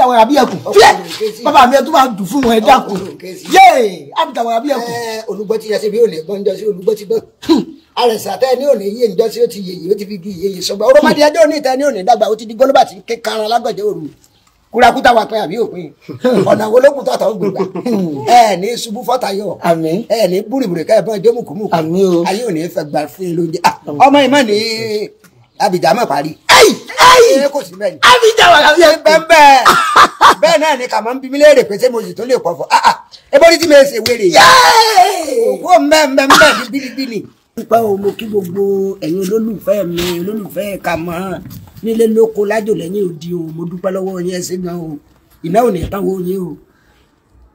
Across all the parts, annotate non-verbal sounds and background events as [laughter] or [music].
abita wàrà bí ẹkùn fíẹ bàbá mi tó bá dùn fún wọn ẹ oh, dákun yéè abita wàrà bí ẹkùn. olùgbọ́ ti yẹsẹ̀ bí ò lè ń jọ́sí olùgbọ́ ti gbọ́ hmm. àrẹ̀sà tẹ́ ní òní yé njọ́sí ó ti yèyè ó ti fi gi yèyè sọgbà ọ̀rọ̀mọdé hmm. ẹjọ́ ní ìtẹ́ ní òní dàgbà ó ti di gbólóbà tí kankan alágbọ̀dẹ òru kúrakúta wà pé àbí òpin hmm. ọ̀nà wo ló kù tọ̀tọ̀ gbogbo ẹ ní ṣubú fọ́tayọ ẹ ní búrìbúrì ká ẹ bọ́ ẹjọ́ mùkúmùkú ayé òní fẹ́ gbà fún yín lóúnjẹ ah, ọmọ ìmọ̀ ní Abidjan mọ̀ parí. Abidjan wà lábí ẹ̀ bẹ́ẹ̀ bẹ́ẹ̀ náà ni kàmá ń bí mi léèrè pé ṣé mo sì tún lè pọ̀ fọ́ ebórí tí mi ṣe wéré òkú mẹ́mẹ́mẹ́ ní bílíbílì. nípa o mo kí gbogbo ẹ̀yin olólùfẹ́ mi olólùfẹ́ Kàmá nílé lóko lájò lẹ́yìn òdi o mo dúpẹ́ lọ́wọ́ yín ẹ̀sìn gan o ìnáwó ní ìtàn wo yín o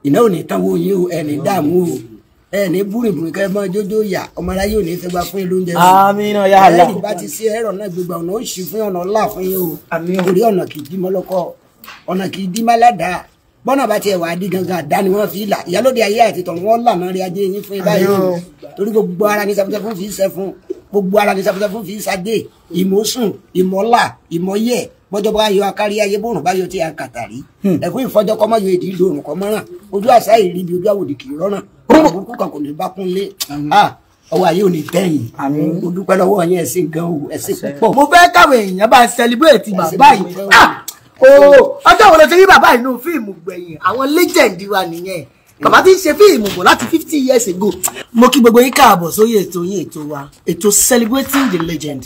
ìnáwó ní ìtàn wo yín o ẹ̀ní dààmú o ẹ ní búrìbùrì kẹ mọ jójó yà ọmọ aráyé ò ní fẹ́ gba fún ìlú oúnjẹ sí. àmín ya Allah ẹ̀yìn bá ti ṣe ẹ̀rọ náà gbogbo ọ̀nà ó ṣì fún ọ̀nà ńlá fún yín o torí ọ̀nà kì í dí mọ́lọ́kọ́ ọ̀nà kì í dí mọ́ládà bọ́nà bá tiẹ̀ wà á dí gangan àdá ni wọ́n fi là ìyálóde ayé àti tọ̀run wọn lànà rí ajé yín fún ibà yìí torí gbogbo ara ní sẹfúnsẹ fún fi sẹ fún gbogbo ara ní sẹfúnsẹ fún fi sadé ìmọ̀sùn ìmọ̀là ìmọ̀yẹ bọ́jọ́bọ́ ayọ̀ akárí ayé bòrùn bá yọ tí a kàtàrí hmm. ẹ̀kú ìfọjọ́kọ́mọ́ yọ èdè ìlú òrùn kọ́mọ́ràn ojú àṣà ìrìbí ojú àwòdì kì í rọ́ràn kúrò kúrò kan kò ní bá kún lé ọwọ́ ayé ò ní tẹ̀yìn mo dúpẹ́ lọ́wọ́ yẹn ẹ̀sìn gan o ẹ̀sìn púpọ̀. mo fẹ́ káwọn èèyàn bá sẹlibréètì bàbá yìí ah, ọjọ́ wo ló ti rí bàbá yìí fíìmù gbẹ̀yìn àwọn legend wa nìyẹn bàbá ti ń ṣe fíìmù bọ̀ láti fifty years ago. mo kí gbogbo yín káàbọ̀ sórí ètò yín ètò wa ètò celebrating the legend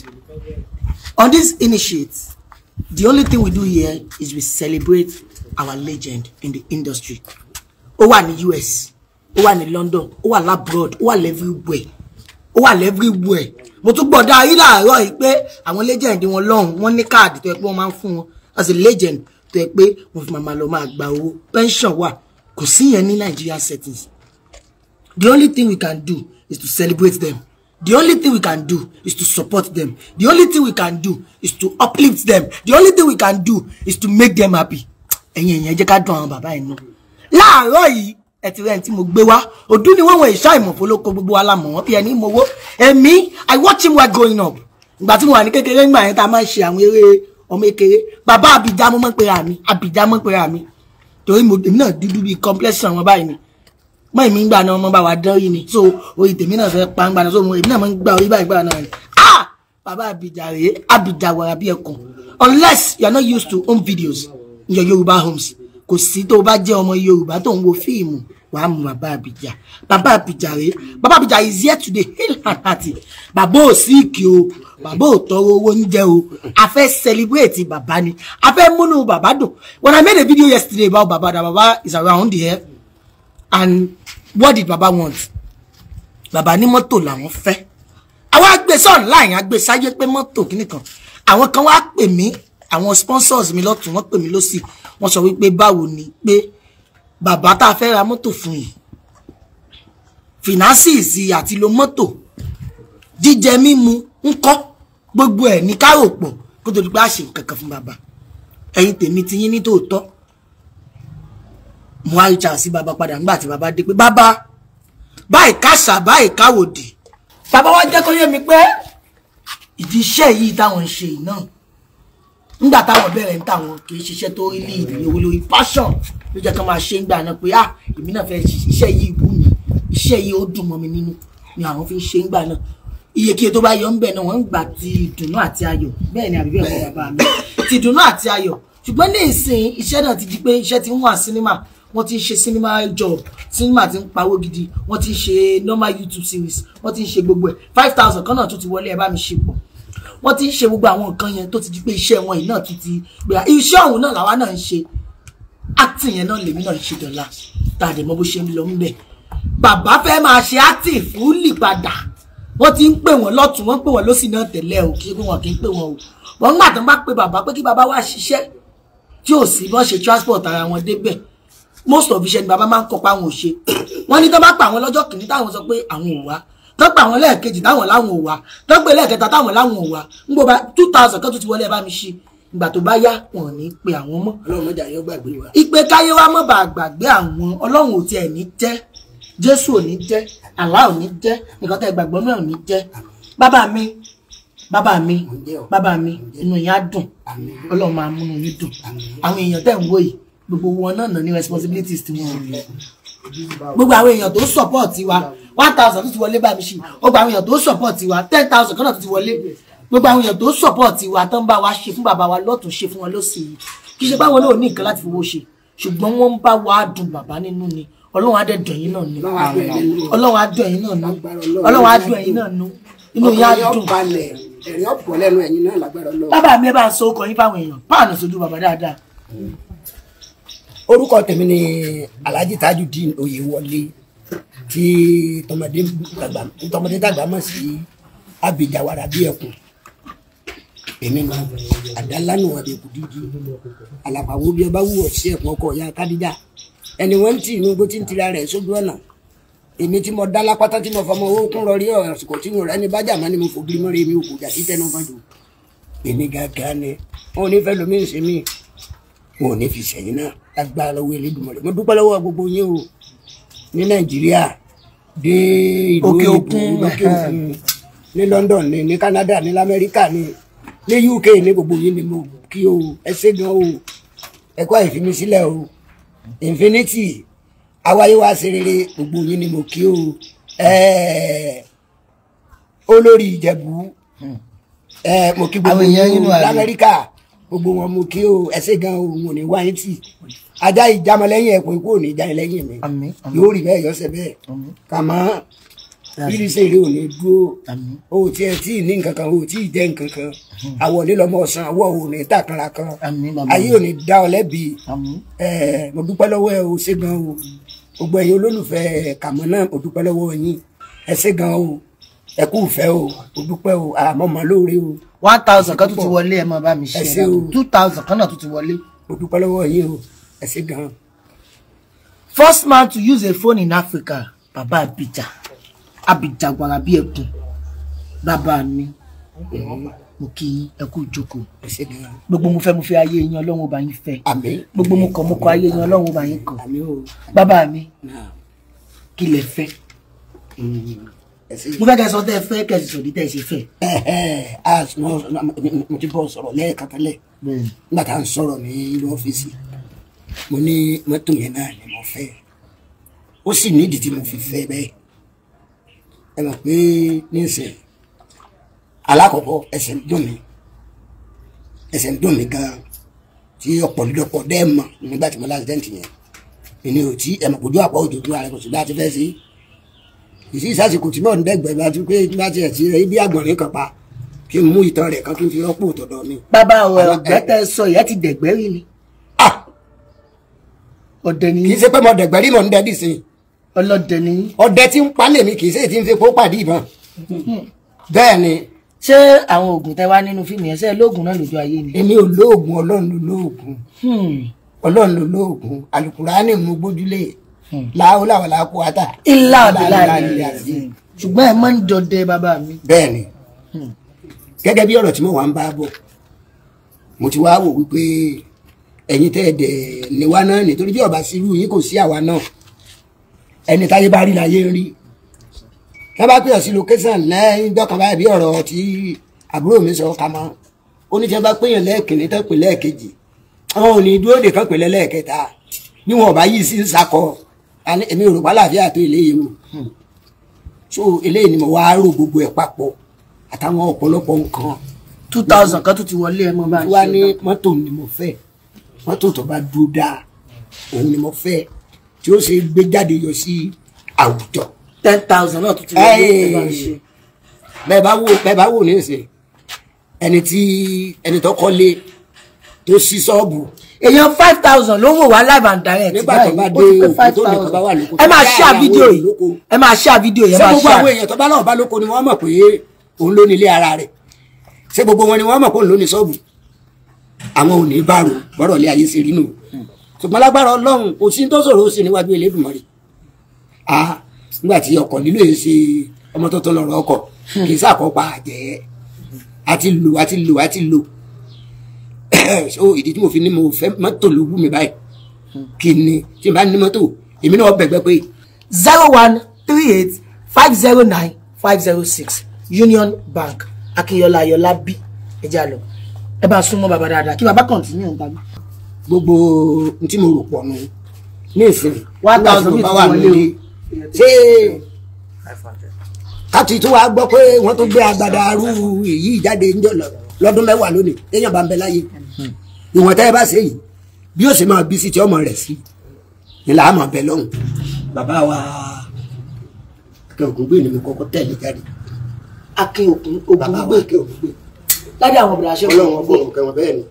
on this initiate the only thing we do here is we celebrate our legend in the industry ó wà ní US ó wà ní London ó wà labroad ó wà lẹ́fíwẹ̀ ó wà lẹ́fíwẹ̀ mo tún gbọ́dọ̀ ayé làárọ̀ yìí pé àwọn legend wọn lọ́hùn wọn ní káàdì tó yẹ pé wọ́n máa ń fún wọn as a legend tó yẹ pé wọ́n fi màmá lọ máa gba owó pension wà kò sí yẹn ní Nigeria settings the only thing we can do is to celebrate them the only thing we can do is to support them the only thing we can do is to uplift them the only thing we can do is to make them happy ẹ̀yin ẹ̀yin ẹ jẹ́ ká dùn àwọn bàbá yìí náà láàárọ̀ yìí ẹ ti rẹ́ni tí mo gbé wá ọdún ni wọ́n wọ̀ ìṣá ìmọ̀fó ló kó gbogbo alamọ̀ wọ́n bí ẹni mowó ẹ̀mí i watch him while growing up ìgbà tí mo wà ní kékeré ńgbà yẹn tá a máa ń ṣe àwọn eré ọmọ kékeré bàbá àbíjá mo máa ń pera mi àbíjá mo máa ń pera mi torí mo èmi náà dúdú bíi complexion wọn báyìí ni mọ èmi ń gbà náà wọn bá wa dán yìí ni so oye tèmi náà fẹ́ pa ń gbà náà so èmi náà máa ń gbà orí báyìí gbà náà ni ah bàbá àbíjá rèé àbíjá wàrà bí ẹkùn unless you are not used to home videos in your Yoruba homes kò sí tó bá jẹ́ ọmọ Yorùbá tó ń wo fíìmù wàá mú bàbá àbíjà bàbá àbíjà rèé bàbá àbíjà is here today hail and hearty bàbá ò síìkì o bàbá ò tọrọ owó oúnjẹ o a fẹ́ celebrate bàbá ni a fẹ́ múnú bàbá dùn when I made a video yesterday about bàbá that bàbá is around here and what did bàbá want bàbá ní mọ́tò làwọn fẹ́ àwọn agbésọ̀ online agbésáyé pé mọ́tò kìnnìkan àwọn kan wá pè mí àwọn sponsors mi lọ́tún wọ́n pè mí lọ́sì wọ́n sọ wípé báwo ni pé bàbá tá a fẹ́ ra mọ́tò fún yìí finances àti lo mọ́tò jíjẹ mímu ńkọ́ gbogbo ẹ̀ ní kárò pọ̀ kó tó di pé a ṣe nǹkan kan fún bàbá ẹ̀yin tèmi ti yín ní tòótọ́ mo wá rí chance sí bàbá padà nígbà tí bàbá dé pé bàbá báyìí káṣà báyìí káwòdì bàbá wa jẹ́ kó yé mi pé ìdí iṣẹ́ yìí táwọn ń ṣe yìí náà nígbà táwọn bẹ̀rẹ̀ ń tàwọn kì í ṣiṣẹ́ tó rí lead ní owó lórí passion ló jẹ́ kí wọ́n máa ṣe ń gbà náà pé ah èmi náà fẹ́ iṣẹ́ yìí wù mí iṣẹ́ yìí ó dùn mọ́ mi nínú ni àwọn fi ń ṣe ń gbà náà iyekíye tó bá yọ ń bẹ̀ náà wọ́n ń gbà ti ìdùnnú àti ayọ̀ bẹ́ẹ̀ ni àbí bẹ́ẹ̀ kọ́ bàbá mi ti ìdùnnú àti ayọ̀ ṣùgbọ́n ní ìsìn iṣẹ́ náà ti di pé iṣẹ́ ti ń wà sinimá wọ́n ti ń ṣe sinimá job sinimá ti ń pawó gidi wọ́n ti ń ṣe normal YouTube series wọ́n ti ń ṣe gbogbo ẹ̀ five thousand kan náà tún ti wọlé ẹ bá mi ṣe pọ̀ wọ́n ti ń ṣe gbogbo àwọn nǹkan yẹn tó ti di pé iṣẹ́ wọn yìí náà ti ti gbéra iṣẹ́ ọ̀hún náà làwa náà ń ṣe acting yẹn náà lèmi náà ń ṣe dọ̀la tá a dẹ̀ mọ bó ṣe ń lọ ń bẹ̀ bàbá fẹ́ máa ṣe acting fúlì padà wọ́n ti ń pè wọ́n lọ́tún wọ́n pè wọ́n lọ́sì náà tẹ́lẹ̀ o kí wọ́n kì í pè wọ́n o wọ́n gbà tán bá pe bàbá pé kí bàbá wá ṣiṣẹ́ tí ò sí bọ́n ṣe transport ara wọn débẹ̀ most of iṣẹ́ ni bàbá máa ń kọ́ pa àwọn òṣè wọ́n ní tó bá pa àwọn lọ́jọ́ kìíní táwọn sọ pé àwọn ò wá tọ́pẹ́ àwọn lẹ́ẹ̀kejì táwọn láwọn ò wá tọ́pẹ́ lẹ́ẹ̀kẹta láwọn ò ń gbọ́ bá two thousand kan tó ti wọlé ẹ bá mi ṣe ìgbà tó bá yá wọn ní pe àwọn mọ́. ọlọ́run mọ́jà yóò gbàgbé wa. ìpè káyé wa mọ́ bá gbàgbé àwọn ọlọ́run ò tiẹ̀ ní jẹ́ jésù ò ní jẹ́ àlá ò ní jẹ́ nǹkan tẹ́ gbàgbọ́ náà ò ní jẹ́ bàbá mi bàbá mi bàbá mi inú yín á dùn ọlọ́run máa múnú yín dùn àwọn èèyàn tẹ̀ ń wò yìí gbogbo wọn náà ní responsibilities tiwọn gbogbo àwọn èèyàn tó support wa one thousand tó ti wọlé bá mi ṣe gbogbo àwọn èèyàn tó support wa ten thousand kan náà tó ti wọlé gbogbo àwọn èèyàn tó support wa tó ń bá wa ṣe fún bàbá wa lọ́tún ṣe fún wọn lọ́sìn yìí kì í ṣe báwọn náà ní nǹkan láti fowó ṣe ṣùgbọ́n wọ́n ń bá wa dùn bàbá nínú ni ọlọ́run á dẹ̀ dùn yín náà ni ọlọ́run á dùn yín náà nu ọlọ́run á dùn yín náà nu inú yín á dùn. ẹ̀rín ọ̀pọ̀ lẹ́nu ẹ̀yin náà lágbára ọlọ́run. bàbá mi ẹ bá ń sọ ọkọ yín fáwọn èèyàn páànù sójú bàbá dáadáa. orúkọ tèmi ni Alhaji Tajudeen Oyewole tí tọmọdé gbàgbà tọmọdé dàgbà mọ̀ sí abidjan wàrà bí ẹkùn èmi nù àdálánù àbẹ̀kùdí di àlàpàwò bí ẹ bá wù ọ sí ọkọ ya kádíjà ẹni wọ́n ń tì inú igbó tí ń tira rẹ̀ sójú ọ̀nà èmi tí mo dá lápátá tí mo fọmọ owó kún rọrí àsìkò tí mo rẹ ní bájà má ni mo fò gírí mọ́rẹ́ mi ò kò jà sí tẹnu kan èmi gàgà ni wọn ò ní fẹ́ lómi ìsinmi wọn ò ní fi sẹ́yìn náà lágbára lọ́wọ́ Elédùmarè mo dúpẹ́ lọ́wọ́ gbogbo yín o ní nàìjíríà dé ìlú òkè òkun òkè òkun ní london ní ní canada ní lamẹ́ríkà ní ní uk ní gbogbo yìí ni mo kí o ẹ ṣé gan o ẹ kó àìfimisílẹ̀ o infinity awáyé wá ṣe rere gbogbo yìí ni mo kí o olórí ìjẹ̀bú hmm. mo kí gbogbo yìí lamẹ́ríkà gbogbo wọn mú kí o ẹsẹ gan òun ò ní wáyé tì ajá ìjàmọ lẹ́yìn ẹkùn ikú ò ní já mi yóò rí bẹ́ẹ̀ yọsẹ bẹ́ẹ̀ kàmọ irisẹ rẹ ò dúró o tí ẹ tí ní nǹkan kan o tí ì jẹ nǹkan kan àwọlé lọmọ ọsàn àwọ ò ní tàkàrà kan ayé ò ní dá ọ lẹ́bi ẹ mo dúpẹ́ lọ́wọ́ ẹ o ṣé gan o gbogbo ẹ̀yin olólùfẹ́ kàmọ náà mo dúpẹ́ lọ́wọ́ yín ẹ ṣé gan o ẹ kú o o o àmọ́ mọ́ lóore o. one thousand kan tó ti wọlé ẹ mọ bá mi ṣe ẹ two thousand kan náà tó ti wọlé. o dúpẹ́ yìí o ẹ gan first man to use a phone in Africa Baba abidjan abidjan gbàrà bí ẹkùn bàbá mi mo kí ẹ kú ìjókòó gbogbo mo fẹ́ mo fẹ́ ayé yín Ọlọ́run ọba yín fẹ́ gbogbo mo kọ̀ mo kọ̀ ayé yín Ọlọ́run ọba yín kọ̀ bàbá mi kí lẹ fẹ́. Hmm mo fẹ́ kẹ́ sọ tẹ́ fẹ́ kẹ́ sọ ní tẹ́ ṣe fẹ́. mo ti bọ́ sọ̀rọ̀ lẹ́ẹ̀kan tẹ́lẹ̀ nígbà tá à ń sọ̀rọ̀ ní ilé ọ́fíìsì mo ní mọ́tò yẹn náà ni mo fẹ́ ó sì ní ìdí tí mo fi fẹ́ bẹ́ẹ̀ ẹ mọ̀ pé nísìnyí alákọ̀ọ́kọ́ ẹsẹ̀ ń dùn mí ẹsẹ̀ ń dùn mí gan-an tí ọ̀pọ̀lọpọ̀ dẹ́ẹ̀ mọ̀ nígbà tí mo láti dẹ́ǹtì yẹn èmi ò tí ẹ mọ̀ kójú àpá òjòjú ara kò sí bá a ti fẹ́ sí ìsí ìsásìkò tí mò ń dẹ́gbẹ̀ẹ́ bá ti pé bá ti ẹ̀sìn rẹ̀ ibi àgbọ̀nrín kan pa kí n mú ìtàn rẹ̀ kan kí n fi rọ́pò tọ̀dọ̀ mi. bàbá àwọn ọ̀gbẹ́ sọ ìyá ti dẹ̀gbẹ́ rí ni. Ah! ọ̀dẹ ni. kì í ṣe pé mo dẹ̀gbẹ́ rí mò ń dẹ́ dì sí. ọlọ́dẹ ni. ọdẹ tí ń palẹ̀ mi kì í ṣe ti ń fi kó pàdé ìbọn. bẹ́ẹ̀ ni. ṣé àwọn oògùn tẹ wá nínú fíìmù yẹn ṣé lóògùn náà lójú ayé ni. èmi ò lóògùn ọlọ́run ló lóògùn hmm. ọlọ́run ló lóògùn àlùkùránì làwòlà wà láàkó ata ilà ọ̀dàlà ilẹ̀ àti ṣùgbọ́n ẹ̀ máa ń dọdẹ bàbá mi. bẹ́ẹ̀ni hmm. gẹ́gẹ́ bí ọ̀rọ̀ tí mo wà ń bá bọ̀ mo ti wá wò wípé ẹ̀yin tẹ́ ẹ dẹ̀ léwá náà nítorí bí ọba sírú yín kò sí àwa náà ẹni táyé bá rí láyé ń rí wọn bá pè ọ sí location lẹ́yìn dọkàn báyìí bí ọ̀rọ̀ tí àbúrò mi sọ ká mọ ó bá péyàn lẹ́ẹ̀kìnní tán pè lẹ́ẹ̀kejì àwọn ò ní dúró de kán pè lẹ́ẹ̀kẹta níwọn ọba yìí sì ń sakọ alẹ́ èmi ò rò wá láàfíà tó eléyìí mu hmm. so eléyìí ni mo wá rò gbogbo ẹ̀ papọ̀ àtàwọn ọ̀pọ̀lọpọ̀ nǹkan. two thousand kan tó ti wọlé ẹ mọ bá ń ṣe. wá ní mọ́tò ni mo fẹ́ mọ́tò tó bá dúró dáa òun ni mo fẹ́ tí ó ṣe gbé jáde yọ sí àwùjọ. ten thousand náà tó ti wọlé ẹ bá ṣe. bẹ́ẹ̀ bá wò bẹ́ẹ̀ bá wò ní ìsìn ẹni tí ẹni tó kọ́ lé tó ṣí ṣọ́ọ̀bù. èèyàn five thousand ló ń wò wá live and direct. nígbà tó bá dé òkú tó nìkan bá wà lóko. ẹ máa ṣá fídíò yìí ẹ máa ṣá fídíò yìí ẹ máa ṣá. ṣé gbogbo àwọn èèyàn tó bá náà bá lóko ni wọ́n mọ̀ pé òun ló ní ilé ara rẹ̀ ṣé gbogbo wọn ni wọ́n mọ̀ pé òun ló ní ṣọ́ọ̀bù. àwọn ò ní bá rò bọ́rọ̀ lé ayé ṣe rí nù. ṣùgbọ́n lágbára ọlọ́run kò sí tó sọ̀rọ̀ ó sì níwájú Elédùmarè. ah nígbà tí ọkọ̀ nílò yẹn ṣe ọmọ tuntun lọ́rọ̀ ọkọ̀ kì í sàkópa àjẹ́ àti lò àti lò àti lò ẹ eh, ṣó ìdí tí mo fi ní mo fẹ́ mọ́tò ló wù mí báyìí kí ni tí n bá ní mọ́tò èmi náà bẹ̀gbẹ́ pé. zero one three eight five zero nine five zero six Union Bank Akínyọlá Ayọ̀lá bí ẹ já lọ ẹ bá súnmọ́ bàbá dáadáa kí bàbá kọ̀ǹtínú ọ̀gá mi. gbogbo n tí mo rò pọ̀ nù ní ìsìn one thousand bá wà nílé ṣé káàtì tó wàá gbọ́ pé wọ́n tó gbé agbada arú èyí jáde lọ́dún mẹ́wàá lónìí téèyàn bá ń bẹ láyé ìwọ̀n tẹ́ ẹ bá ṣe yìí bí ó sì máa bí sí ti ọmọ rẹ̀ sí ni làá máa bẹ lọ́hùn bàbá wa akin ògúngbè ni mo kọ́kọ́ tẹ̀lé jáde akin ògúngbè akin ògúngbè lábẹ́ àwọn ọ̀bùdó aṣẹ́ ọlọ́run ọgbọ́n òkè wọn bẹ́ẹ̀ ni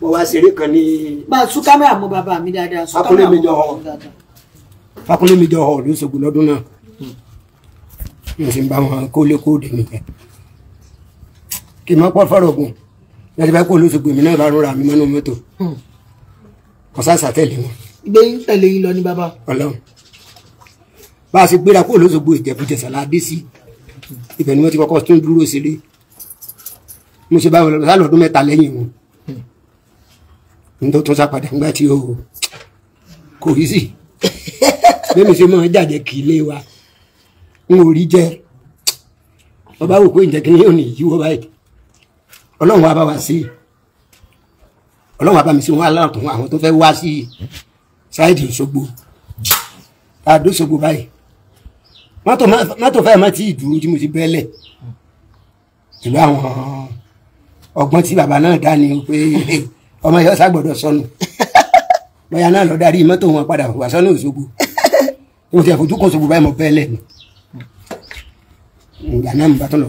mo wá ṣeré kan ní. bá a sún kámẹ́rà mọ́ bàbá mi dáadáa sún kámẹ́rà mọ́ bàbá mi dáadáa. Fakunle mi jọ ọ ló ṣègùn lọ́dún náà mo sì ń bá wọn kólé kóòdù nìyẹn kì í má pọ́ fọ́rọ̀ ogun láti báyìí kó ló fi gbèmí náà bá rọra mi mọ́nú mọ́tò hmm. kọ́sáàsà tẹ̀lé wọn. gbé tẹ̀lé yín lọ ní bàbá. ọlọ́run bá a ṣe gbéra kó lóṣogbo ìjẹ̀bùjẹ̀sà la dé sí ibẹ̀ ni wọ́n ti kọ́kọ́ tún dúró sílé mo ṣe báwo lọ sálọ́dún mẹ́ta lẹ́yìn wọn hmm. nítorí tó sápadà ńgbà tí o kò rí sí bẹ́ẹ̀ ṣe máa jàjẹ́ kì í lé wa n ò rí jẹ́ ọba wò pé ǹjẹ́ yóò ní yíwọ́ báyìí ọlọ́run wa bá wa sí ọlọ́run wa bá mi sí wọn alákùn àwọn tó fẹ́ wá sí ṣáìdì Òṣogbo àdó Òṣogbo báyìí mọ́tò fẹ́ẹ̀ má ti dúró tí mo ti bẹ́lẹ̀ ìlú àwọn ọgbọ́n tí bàbá náà dá ni pé ọmọ yóò ṣàgbọ́dọ̀ sọnù bóyá náà lọ darí mọ́tò wọn padà wá sọ́nà Òṣogbo mo ti ẹ̀fọ́ tó kọ́ Òṣogbo báyìí mo bẹ́lẹ̀ ni ìgbà náà mo bá tún lọ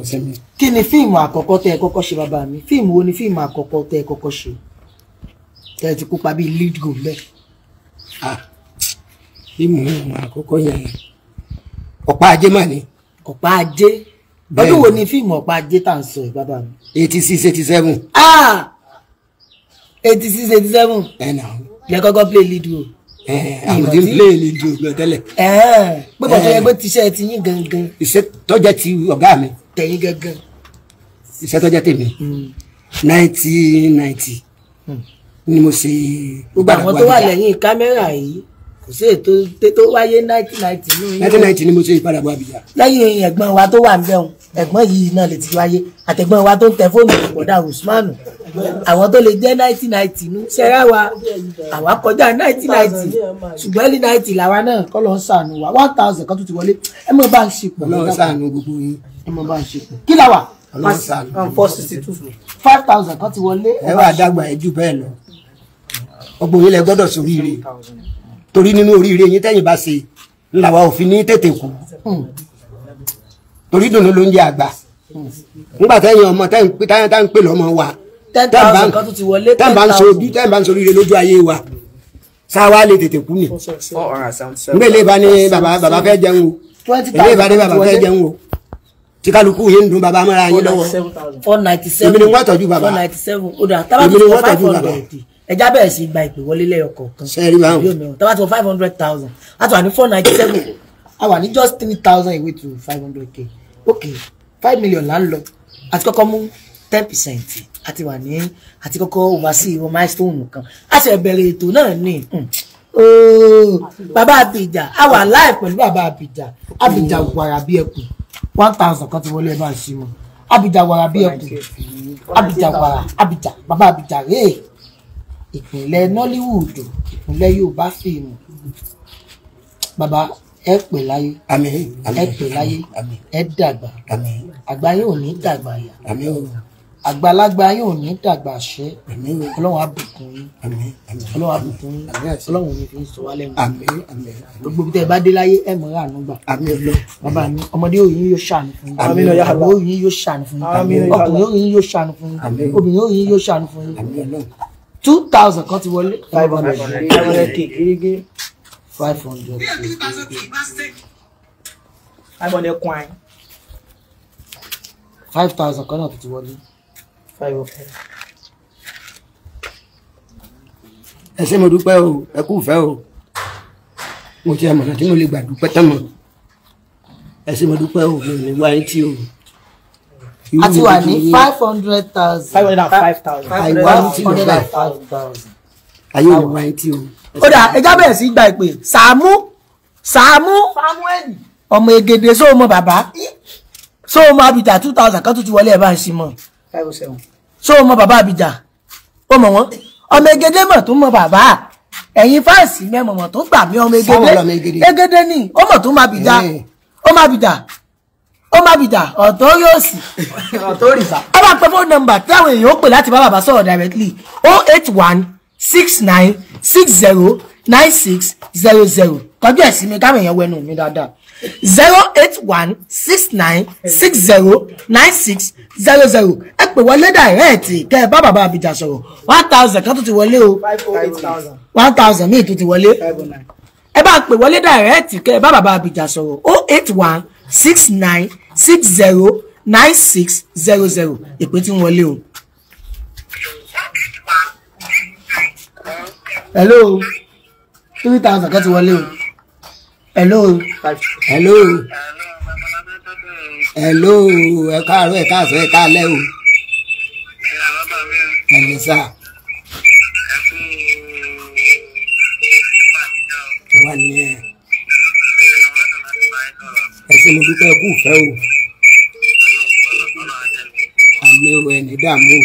kí ni fíìmù àkọ́kọ́ tẹ́ ẹ kọ́kọ́ ṣe bàbá mi fíìmù wo ni fíìmù àkọ́kọ́ tẹ́ ẹ kọ́kọ́ ṣe tẹ́ ẹ ti kópa bíi lead go bẹ́ẹ̀. Ah, fíìmù àkọ́kọ́ yẹn ọ̀pá ajé mà ni. ọ̀pá ajé ọdún wo ni fíìmù ọ̀pá ajé tà ń sọ ẹ̀ bàbá mi. eighty six eighty seven. Ah! eighty six eighty seven. ẹ nà. yẹ kọ́kọ́ play lead go. Eh, eh, àwọn tí ń plé ní ju ìgbọ̀n tẹ́lẹ̀. pípọ̀ tó yẹ pé eh. tiṣẹ́ ti yín gangan. iṣẹ́ tó jẹ́ ti ọ̀gá mi. tẹ̀yìn gangan. iṣẹ́ tó jẹ́ tèmi. Hmm. nineteen ninety hmm. ni mo ṣe. gbogbo àwọn tó wà lẹ́yìn kámẹ́rà yìí kò sí ètò tó wáyé nineteen ninety nínú yìí. nineteen ninety ni mo ṣe ìpadàbọ̀ àbíyá. lẹ́yìn ẹ̀gbọ́n wa tó wà ń bẹ̀rùn ẹ̀gbọ́n yìí náà lè ti wáyé àtẹ̀gbọ́n wa tó ń tẹ fóònù ìbọ̀dà Usmanu àwọn tó lè jẹ́ náìtì náìtì nú ṣẹ́ra wa àwa kọjá náìtì náìtì ṣùgbọ́n ẹ̀lì náìtì làwa náà kọ́ lọ sànù wa one thousand kan tó ti wọlé ẹ mọ̀ bá ń ṣe pọ̀. ọlọ́run sànù gbogbo yín. ẹ mọ̀ bá ń ṣe pọ̀ kí làwà four sixty two five thousand kan ti wọlé. ẹ wà dàgbà ẹ jù bẹ́ẹ̀ lọ ọgbọ̀n yìí lẹ gbọ́dọ̀ sóríire torí nínú oríire yín tẹ́yìn bá ṣe làwa ò fi ní tètè kú hmm. torí dùnú ló ń jẹ àgbà nígbà tẹ́yìn ọmọ tẹ́yìn pé lọ́mọ wa ten thousand Ten thousand. kan tún ti wọlé ten thousand. ten bá ń soríire lójú ayé wa sáwa lè tètè kú ni nbẹ lè ba ni baba baba fẹ́ jẹun o lè ba ni baba fẹ́ jẹun o tí kálukú yìí ń dun baba mara yín lọ́wọ́ èmi ni wọ́n tọ́jú baba èmi ni wọ́n tọ́jú baba ẹja bẹ̀rẹ̀ sí gba ìpè wọlé lẹ́yọ kọ̀ọ̀kan sẹ́ẹ̀rì máa ń tọ́ba ti wọ five hundred thousand a tún wà ní four ninety seven a wà ní just three thousand ìwé to five hundred k ok five million là ń lọ àti kọ́kọ́ mú ten percent àti wà ní àti kọ́kọ́ oversee ìwọ milestone kan a ṣe bẹ̀rẹ̀ ètò náà ni hmm, bàbá àbìjà a wà láì pẹ̀lú baba àbìjà àbìjà wàrà bí ẹkùn one thousand kan ti wọlé ẹ bá ń ṣe wọn àbìjà wàrà bí ẹkùn àbìjà wàrà àbìjà bàbá àbìjà rèé ìpínlẹ̀ Nollywood ìpínlẹ̀ Yorùbá fíìmù bàbá ẹ pẹ́ láyé ẹ pẹ́ láyé ẹ dàgbà àgbáyé ò ní dàgbà yà àgbàlagbà yín ò ní dàgbà ṣe ọlọ́run àbùkún yín ọlọ́run àbùkún yín ọlọ́run ò ní fi sọ wá lẹ́nu gbogbo tẹ́ ẹ bá dé láyé ẹ mọ̀ ránú gbà bàbá mi ọmọdé òyìn yóò ṣàánú fún yín ọmọ òyìn yóò ṣàánú fún yín ọkùnrin òyìn yóò ṣàánú fún yín obìnrin òyìn yóò ṣàánú fún yín two thousand kan ti wọlé five hundred five hundred k gírígí five hundred k five hundred kwan five thousand kan náà ti wọlé five oh five. ẹ ṣé mo dúpẹ́ o ẹ kú fẹ́ o mo ti àmọ̀nà tí mo lè gbà dúpẹ́ tán mọ́ ẹ ṣé mo dúpẹ́ o mi ò ní wá yín tí o. a ti wà ní five hundred thousand. five hundred and five thousand. five hundred and five thousand. ayé ò ní wá yín tí o. ó dà ẹja bẹ̀rẹ̀ sí gba ìpè Sàámú Sàámú ọmọ Ègèdè sóò mọ bàbá sóò abidjan two thousand kan tó ti wọlé ẹ̀ bá ń sin mọ́. five oh seven so mọ bàbá àbíjà ó mọ wọn ọmọ egede mọ tó mọ bàbá ẹ̀yin fáàsì mẹmọ mọ tó gbà mí ọmọ egede egede ni ó mọ tó má bìjà ó má bìjà ó má bìjà ọ̀tọ̀ yóò sì ọ̀tọ̀ rìsà. ó bá pẹ́ fóònù nọ́mbà táwọn èèyàn ó pè láti bá bàbá sọ̀rọ̀ directly oh eight one six nine six zero nine six zero zero tọ́jú ẹ̀ sí mi káwọn èèyàn wẹnu mi dáadáa zero eight one six nine six zero nine six zero zero pè wọlé dàrẹ́ẹ̀tì kẹ́ ẹ bá bàbá àbíjà sọ̀rọ̀ one thousand kan tó ti wọlé o one thousand míì tó ti wọlé ẹ bá pè wọlé dàrẹ́ẹ̀tì kẹ́ ẹ bá bàbá àbíjà sọ̀rọ̀ o oh eight one six nine six zero nine six zero zero ìpè tí ń wọlé o. hello three thousand kan ti wọlé o hello hello hello ẹ káàárọ̀ ẹ káàsán ẹ káalẹ́ o ẹ̀mí sá. àwa nìyẹn ẹsẹ mo dúpẹ́ kú fẹ́ o àmì o ẹni dààmú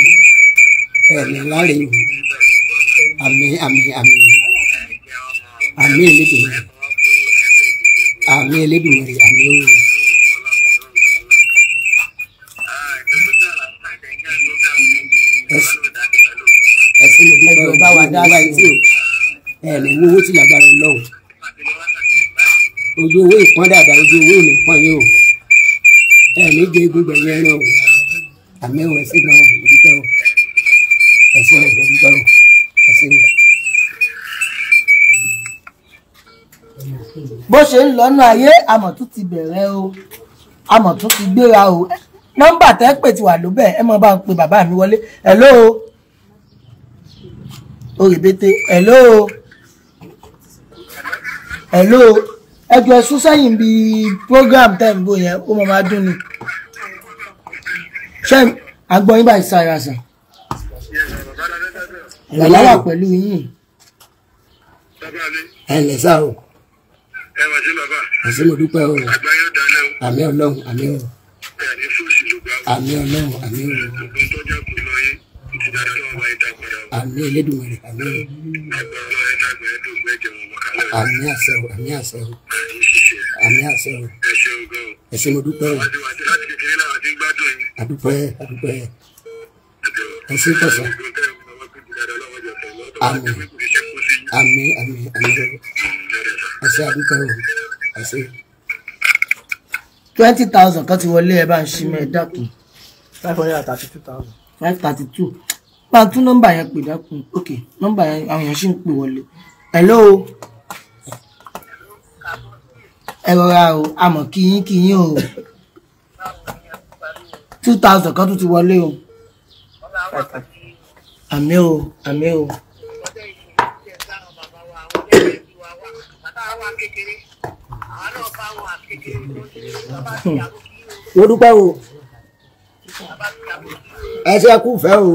o ẹni láre o àmì àmì àmì àmì elédùnmọ̀rì àmì elédùnmọ̀rì àmì o. lára ẹ̀ tí o ẹ̀ lè mú owó tí lágbára ẹ̀ lọ́hùn ojú owó ìpọ́n dàda ojú owó ìní pọ́n yín o ẹ̀ ní jẹ́ egungun ẹ̀yẹ ẹ̀rọ o àmì ò ẹ̀sìn náà ò dúpẹ́ o ẹ̀sìn náà ò dúpẹ́ o ẹ̀sìn náà. bó ṣe ń lọ́nà ayé àmọ̀tún ti bẹ̀rẹ̀ o àmọ̀tún ti gbéra o nọ́mbà tẹ́ pè ti wà lóbẹ̀ ẹ mọ̀ bá pe bàbá mi wọlé hello o ó rèbété hello hello ẹjọ ẹsùn sẹ́yìn bí program time bó yẹn ó mọ máa dún ni ṣé agbọyìn báyìí sára sàn ìrọ̀lá wà pẹ̀lú yín ẹ lẹ sá o ẹ wà sí bàbá àti mo dúpẹ́ o àmì ọlọ́run àmì o àmì ọlọ́run àmì o àmì Elédùmarè àmì o àmì àṣẹ o àmì àṣẹ o àmì àṣẹ o ẹ ṣé mo dúpẹ́ o àdúpẹ́ àdúpẹ́ ẹ ṣé tọ̀sán àmì àmì àmì àmì o ẹ ṣé àdúpẹ́ o ẹ ṣé. twenty thousand kan ti wọlé ẹ bá ń ṣí mẹ́ẹ̀ẹ́dàkùn. five hundred and thirty two thousand. five thirty two bá a tún nọ́mbà yẹn pè dákun ok nọ́mbà yẹn àwọn èèyàn sì ń pè wọlé hello ẹ rọra o àmọ́ kíyín kíyín o two thousand kan tún ti wọlé o àmì o àmì o. mo dúpẹ́ o ẹ ṣe kú fẹ́ o.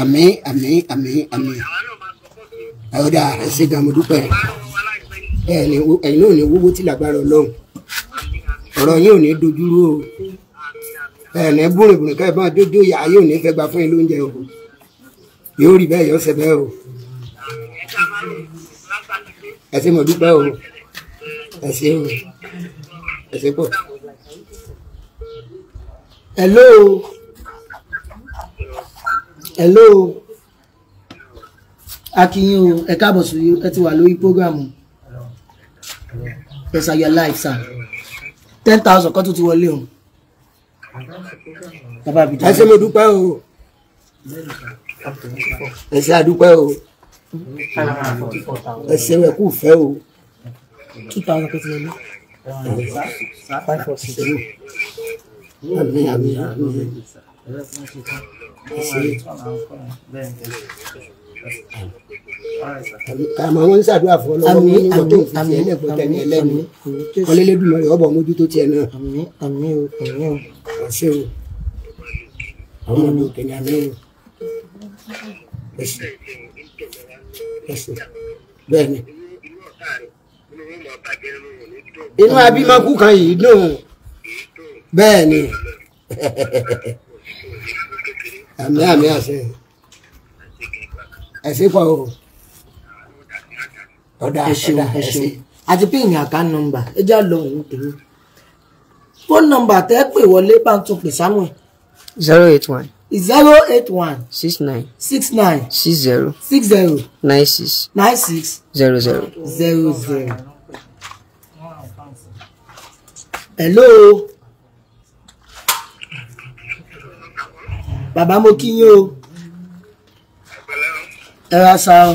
àmín àmín àmín àmín ọ̀dà ẹ̀sìn gàmọ̀dúpẹ́ ẹ̀yin náà ní wúwo tí lágbára ọlọ́run ọ̀rọ̀ yín ò ní dojúrú o ẹ̀ẹ̀nì búrìnbùrìn ká ẹ̀ máa dójú ìyá ayé ò ní fẹ́ gba fún yín lóúnjẹ o yóò rí bẹ́ẹ̀ yọ ṣe bẹ́ẹ̀ o ẹ ṣé mo dúpẹ́ o ẹ ṣé o ẹ ṣé pọ̀ hello hello akiyin o ẹ káàbọ̀ sí ẹ ti wà lórí program yes sir you are live sir ten thousand kọ́ tó ti wọlé o bàbá abidjan ẹ ṣe mo dúpẹ́ o ẹ ṣe o ẹ ṣe wẹ̀ kú o two thousand kọ́ tó wọlé five four six ẹlẹ́kùn ṣe tán àmọ́ wọ́n ń ṣàdúrà fún ọlọ́wọ́ ní ìmọ̀ tó fi tiẹ̀ lẹ́kọ̀ọ́ tẹ̀lé ẹlẹ́ni kọ́lélẹ́dùn lọ́yọ̀ ọ̀bọ̀ mójútó tiẹ̀ náà. àmín àmín o àmín o. ọ̀sẹ̀ o àwọn ọmọdé òkè ní àmín o. ẹsẹ̀ ẹsẹ̀ bẹ́ẹ̀ ni. inú abimaku kan yìí dùn bẹ́ẹ̀ ni. [laughs] àmì àmì àṣẹ ẹ̀sìn pọ̀ o ọ̀dà ọ̀dà ẹ̀sìn. àti píìnì àkáǹtì nọ́mbà ẹ já lọ òun tèmi fóònù nọ́mbà tẹ́ pè wọlé bá tún pè sáwọn. zero eight one. zero eight one. six nine. six nine. six zero. six zero. nine six. nine six. zero zero. zero zero. hello. bàbá mo kí yín o ẹ ra sa o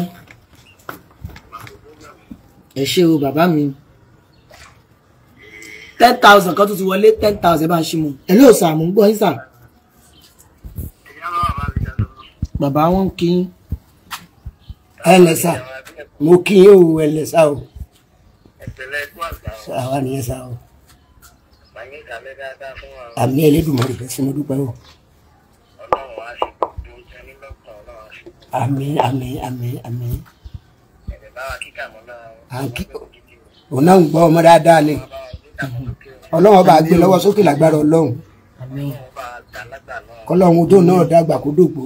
ẹ ṣe o bàbá mi ten thousand kan tó ti wọlé ten thousand bá ń ṣe mu ẹ lóò sà mò ń gbọ́ yín sà bàbá wọn kí yín ẹ lẹ sà mo kí yín o ẹ lẹ sà o àwa nìyẹn sà o àmì ẹlẹ́dùnmọ́ rẹ̀ fẹ́ sínú dúpẹ́ o. àmín àmín àmín àmín. òun náà ń gbọ́ ọmọ dáadáa ni ọlọ́run ọba àgbẹ̀ lọ́wọ́ sókè lágbára ọlọ́run kọlọ́run odó náà dàgbà kó dògbò.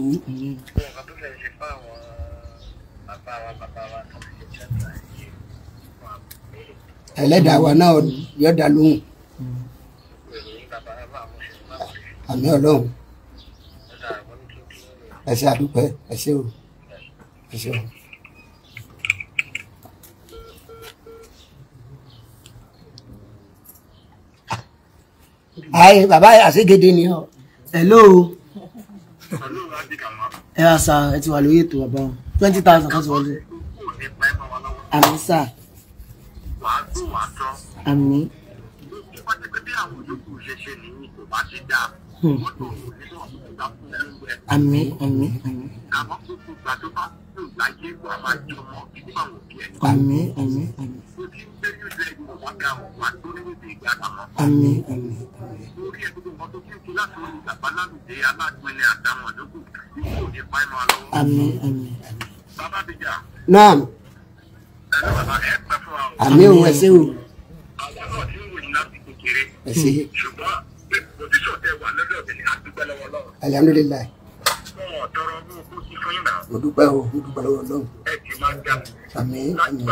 ẹlẹ́dàá wa náà yọ̀dà lóhùn àmín ọlọ́run ẹ ṣe àdúpẹ́ ẹ ṣe o ẹ ṣe o. ayé bàbá àṣegede ni ọ hello ẹ wá sá ẹ ti wà lórí ètò bàbá wọn twenty thousand kan ti wọlé àmì sá àmì àmín àmín àmín. àmọ́ gbogbo ìgbà tó bá kú láyé wà máa naam. ẹ̀rọ bàbá ẹ̀ pẹ́ fún wa o. àmín òun ẹ̀ ṣé o. àwọn náà ti ń dúpẹ́ lọ́wọ́ Ọlọ́run. alihamudulilayi. wọn mo dúpẹ́ o mo dúpẹ́ lọ́wọ́ Ọlọ́run. ẹ ti máa ga. àmín o àmín o. àmín àmín àmín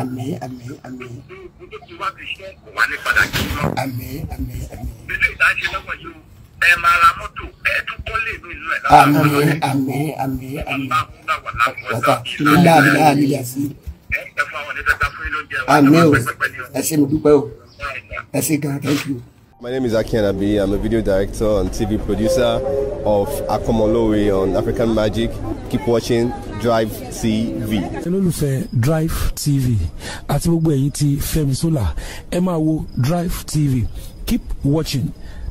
àmín. àmín àmín àmín ẹ máa ra mọ́tò ẹ tún kọ́lé mi nínú ẹ̀ lára àmì àmì àmì àmì ọ̀tà kìlọ̀ láàrin láàrin yà sí. àmì o ẹ ṣé mi dúpẹ́ o ẹ ṣé gan thank you. My name is Aki Anabi. I'm a video director and TV producer of Akomolowe on African Magic. Keep watching Drive TV. olólùfẹ́ Drive TV àti gbogbo ẹ̀yin tí Fẹ́mi Sola ẹ máa wo Drive TV. Keep watching.